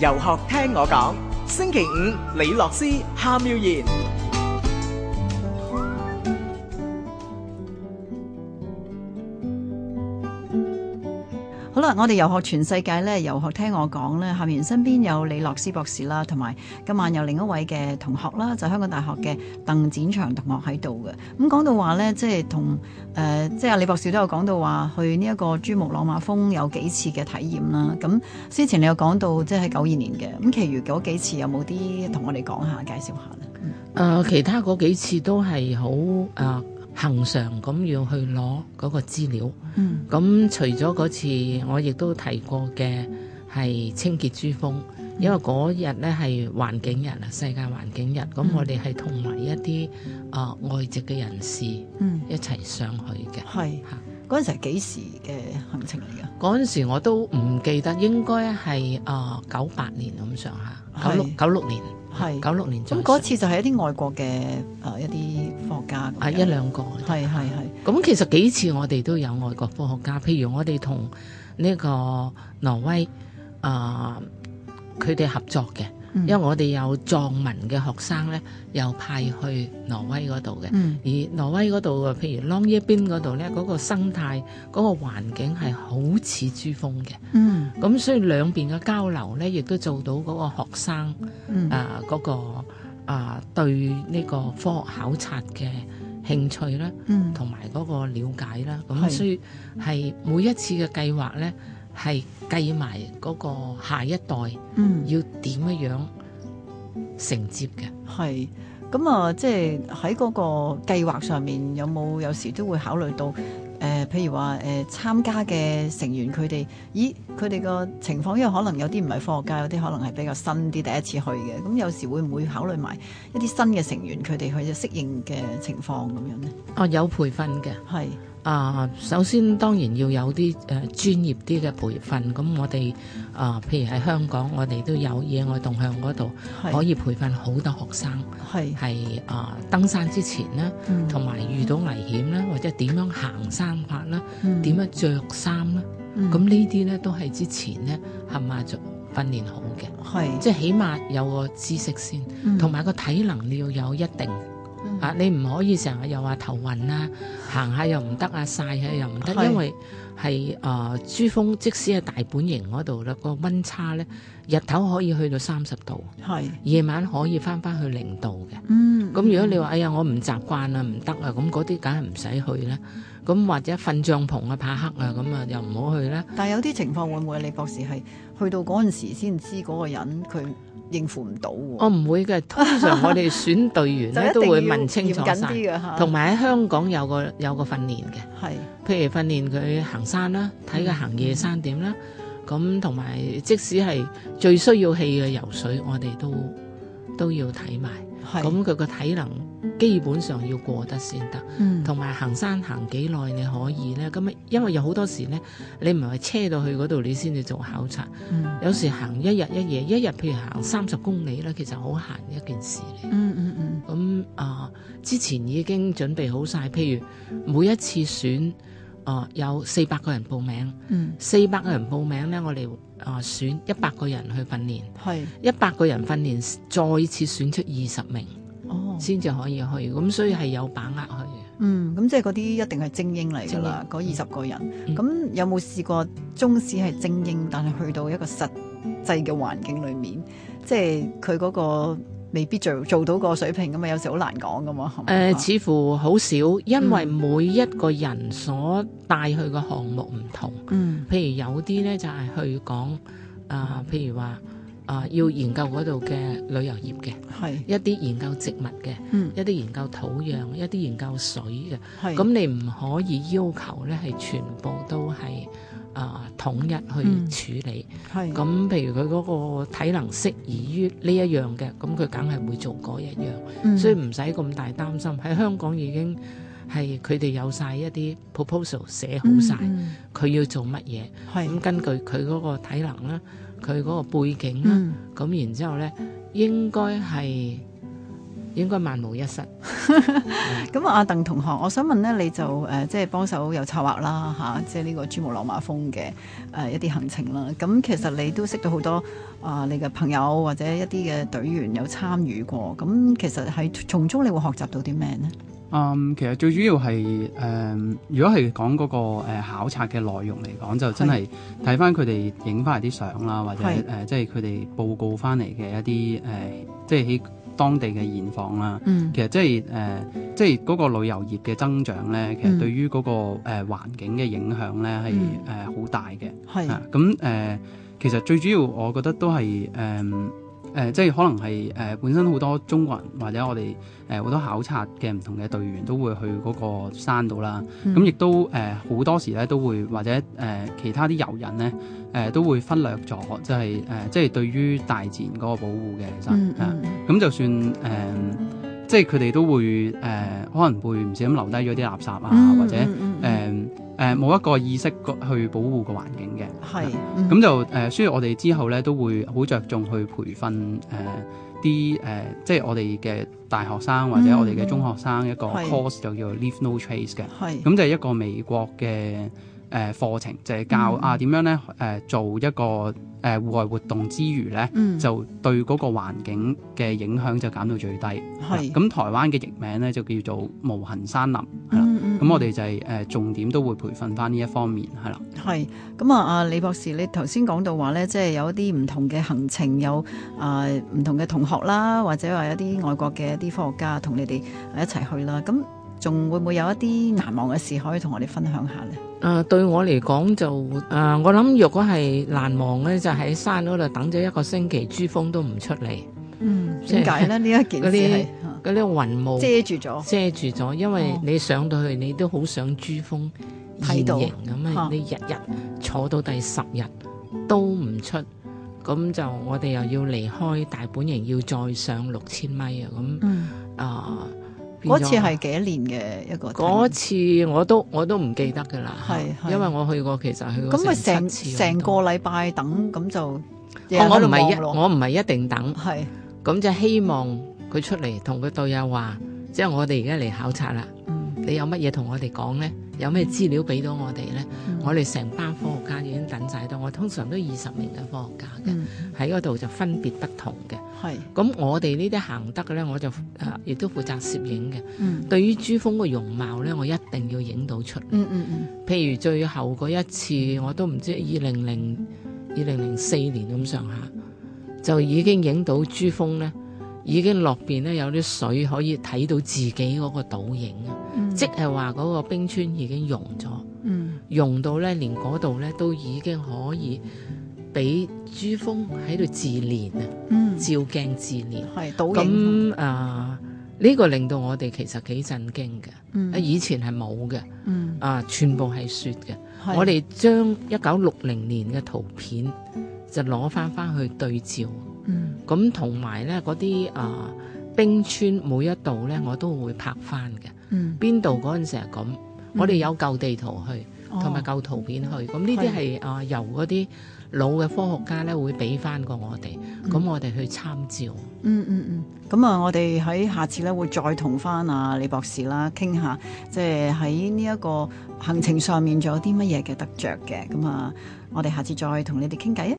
遊學聽我講，星期五李樂詩、夏妙然。我哋遊學全世界咧，遊學聽我講咧，下面身邊有李樂詩博士啦，同埋今晚有另一位嘅同學啦，就、香港大學嘅鄧展祥同學喺度嘅。咁、嗯、講到話咧，即係同誒、呃，即係李博士都有講到話去呢一個珠穆朗瑪峰有幾次嘅體驗啦。咁、嗯、之前你有講到即係喺九二年嘅，咁其餘嗰幾次有冇啲同我哋講下介紹下咧？誒，其他嗰幾次都係好誒。啊恒常咁要去攞嗰個資料，咁、嗯、除咗嗰次我亦都提過嘅係清潔珠峰，嗯、因為嗰日咧係環境日啊，世界環境日，咁、嗯、我哋係同埋一啲啊、呃、外籍嘅人士一齊上去嘅。係、嗯，嗰陣時係幾時嘅行程嚟㗎？嗰陣時我都唔記得，應該係啊九八年咁上下，九六九六年。係九六年咁嗰、嗯、次就係一啲外國嘅誒、呃、一啲科學家，係、啊、一兩個，係係係，咁其實幾次我哋都有外國科學家，譬如我哋同呢個挪威啊佢哋合作嘅。因為我哋有藏民嘅學生咧，又派去挪威嗰度嘅，嗯、而挪威嗰度嘅，譬如 Long 朗耶邊嗰度咧，嗰、er 嗰個生態、嗰、嗰個環境係好似珠峰嘅，咁、嗯、所以兩邊嘅交流咧，亦都做到嗰個學生啊嗰、嗯呃嗰個啊、呃、對呢個科學考察嘅興趣咧，同埋嗰個了解啦，咁所以係每一次嘅計劃咧。係計埋嗰個下一代，嗯、要點樣承接嘅。係咁啊，即係喺嗰個計劃上面，有冇有，有時都會考慮到誒、呃，譬如話誒、呃、參加嘅成員佢哋，咦佢哋個情況，因為可能有啲唔係科學家，有啲可能係比較新啲，第一次去嘅。咁有時會唔會考慮埋一啲新嘅成員佢哋去適應嘅情況咁樣咧？哦，有培訓嘅，係。啊，首先當然要有啲誒、呃、專業啲嘅培訓，咁我哋啊、呃，譬如喺香港，我哋都有野外動向嗰度、嗯、可以培訓好多學生，係係啊，登山之前咧，同埋、嗯、遇到危險咧，嗯、或者點樣行山法咧，點、嗯、樣着衫咧，咁、嗯、呢啲咧都係之前咧係咪做訓練好嘅？係是，即係起碼有個知識先，同埋個體能你要有一定。啊！ 你唔可以成日又話頭暈啦、啊，行下又唔得啊，晒下又唔得， 因為係誒、呃、珠峰，即使係大本營嗰度咧，個溫差咧，日頭可以去到三十度，係夜 晚可以返返去零度嘅 嗯。嗯，咁如果你話哎呀，我唔習慣啊，唔得啊，咁嗰啲梗係唔使去啦。咁或者瞓帳篷啊，怕黑啊，咁啊又唔好去啦 。但係有啲情況會唔會你李博士係去到嗰陣時先知嗰個人佢。他他應付唔到，我唔會嘅。通常我哋選隊員咧 都會問清楚晒，同埋喺香港有個有個訓練嘅，係是譬如訓練佢行山啦，睇佢行夜山點啦，咁同埋即使係最需要氣嘅游水，我哋都都要睇埋。咁佢個體能基本上要過得先得，同埋、嗯、行山行幾耐你可以呢？咁啊，因為有好多時呢，你唔係車到去嗰度，你先至做考察。嗯、有時行一日一夜，嗯、一日譬如行三十公里呢，其實好閒一件事嚟、嗯。嗯嗯嗯。咁啊、呃，之前已經準備好晒，譬如每一次選。哦，有四百個人報名，嗯，四百個人報名咧，我哋啊選一百個人去訓練，係一百個人訓練，再次選出二十名，哦，先至可以去，咁所以係有把握去嘅。嗯，咁即係嗰啲一定係精英嚟㗎啦，嗰二十個人。咁、嗯、有冇試過，縱使係精英，嗯、但係去到一個實際嘅環境裡面，即係佢嗰個。未必做做到個水平㗎嘛，有時好難講㗎嘛。誒、呃，似乎好少，因為每一個人所帶去嘅項目唔同。嗯譬、就是呃，譬如有啲呢，就係去講啊，譬如話啊，要研究嗰度嘅旅遊業嘅，係是一啲研究植物嘅，嗯，一啲研究土壤，嗯、一啲研究水嘅，係咁是，你唔可以要求呢係全部都係。啊，統一去處理，咁、嗯、譬如佢嗰個體能適宜於呢一樣嘅，咁佢梗係會做嗰一樣，嗯、所以唔使咁大擔心。喺香港已經係佢哋有晒一啲 proposal 寫好晒，佢要做乜嘢，咁、嗯嗯、根據佢嗰個體能啦，佢嗰個背景啦，咁、嗯、然之後咧應該係。應該萬無一失。咁阿 鄧同學，我想問咧，你就誒、呃、即係幫手又策劃啦，嚇、啊，即係呢個珠穆朗瑪峰嘅誒、呃、一啲行程啦。咁、啊、其實你都識到好多啊、呃，你嘅朋友或者一啲嘅隊員有參與過。咁、啊、其實喺從中你會學習到啲咩呢？嗯，um, 其實最主要係誒、呃，如果係講嗰個、呃、考察嘅內容嚟講，就真係睇翻佢哋影翻嚟啲相啦，或者係誒，即係佢哋報告翻嚟嘅一啲誒，即係喺當地嘅現況啦。嗯，其實即係誒，即係嗰個旅遊業嘅增長咧，其實對於嗰、嗰個誒呃、環境嘅影響咧係誒好大嘅。係是，咁誒、啊呃，其實最主要我覺得都係誒。呃誒、呃、即係可能係誒、呃、本身好多中國人或者我哋誒好多考察嘅唔同嘅隊員都會去嗰個山度啦，咁亦、嗯嗯、都誒好、呃、多時咧都會或者誒、呃、其他啲遊人咧誒、呃、都會忽略咗，即係誒、呃、即係對於大自然嗰個保護嘅，其實咁就算誒即係佢哋都會誒、呃、可能會唔小心留低咗啲垃圾啊、嗯，或者誒。呃呃誒冇一個意識去保護個環境嘅，係咁就誒，所以我哋之後咧都會好着重去培訓誒啲誒，即係我哋嘅大學生或者我哋嘅中學生一個 course 就叫 Leave No Trace 嘅，係咁就係一個美國嘅誒課程，就係教啊點樣咧誒做一個誒戶外活動之餘咧，就對嗰個環境嘅影響就減到最低，係咁台灣嘅譯名咧就叫做無痕山林，係啦。咁我哋就係、是、誒、呃、重點都會培訓翻呢一方面係啦。係咁啊，阿李博士，你頭先講到話咧，即係有一啲唔同嘅行程，有啊唔、呃、同嘅同學啦，或者話有啲外國嘅一啲科學家同你哋一齊去啦。咁仲會唔會有一啲難忘嘅事可以同我哋分享下呢？誒、呃、對我嚟講就誒、呃，我諗若果係難忘咧，就喺、是、山嗰度等咗一個星期，珠峰都唔出嚟。嗯，點解咧？呢 一件事？ 呢啲雲霧遮住咗，遮住咗。因為你上到去，你都好想珠峰現形咁啊！你日日坐到第十日都唔出，咁就我哋又要離開大本營，要再上六千米啊！咁，啊、呃，嗰、嗯、次係幾多年嘅一個？嗰次我都我都唔記得噶啦，係、嗯、因為我去過，其實去咁咪成成個禮拜等，咁就我唔係一，我唔係一定等，係咁是就希望、嗯。佢出嚟同佢隊友話，即係我哋而家嚟考察啦。嗯、你有乜嘢同我哋講呢？有咩資料俾到我哋呢？嗯、我哋成班科學家已經等晒到。嗯、我通常都二十名嘅科學家嘅喺嗰度，嗯、就分別不同嘅。係咁是，我哋呢啲行得嘅呢，我就誒亦、啊、都負責攝影嘅。嗯、對於珠峰嘅容貌呢，我一定要影到出嚟。嗯嗯嗯、譬如最後嗰一次，我都唔知二零零二零零四年咁上下，就已經影到珠峰，峰呢，已經落邊咧，有啲水可以睇到自己嗰個倒影啊，嗯、即係話嗰個冰川已經溶咗，嗯、溶到咧連嗰度咧都已經可以俾珠峰喺度自憐啊，嗯、照鏡自憐。係、嗯、倒影。咁啊，呢、呃呢個令到我哋其實幾震驚嘅，嗯、以前係冇嘅，啊、嗯呃、全部係雪嘅。嗯、我哋將一九六零年嘅圖片就攞翻翻去對照。咁同埋咧，啲啊、呃、冰川每一度咧，嗯、我都會拍翻嘅，邊度嗰陣時係係咁，嗯、我哋有舊地圖去，同埋舊圖片去。咁呢啲係啊由嗰啲老嘅科學家咧、嗯、會俾翻過我哋，咁、嗯、我哋去參照。嗯嗯嗯。咁、嗯、啊，嗯、我哋喺下次咧會再同翻啊李博士啦傾下，即係喺呢一個行程上面仲有啲乜嘢嘅得着嘅。咁啊，我哋下次再同你哋傾偈。